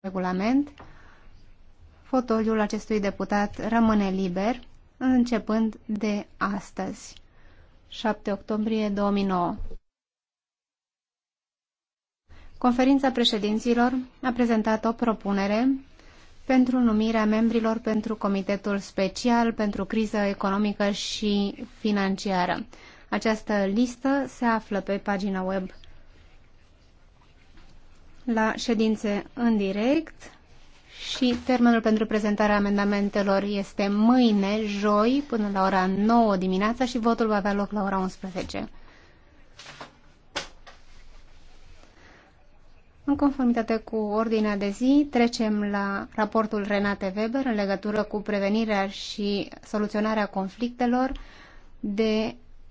regulament, fotoliul acestui deputat rămâne liber începând de astăzi, 7 octombrie 2009. Conferința președinților a prezentat o propunere pentru numirea membrilor pentru Comitetul Special pentru Criză Economică și Financiară. Această listă se află pe pagina web la ședințe în direct și termenul pentru prezentarea amendamentelor este mâine, joi, până la ora 9 dimineața și votul va avea loc la ora 11. În conformitate cu ordinea de zi, trecem la raportul Renate Weber în legătură cu prevenirea și soluționarea conflictelor de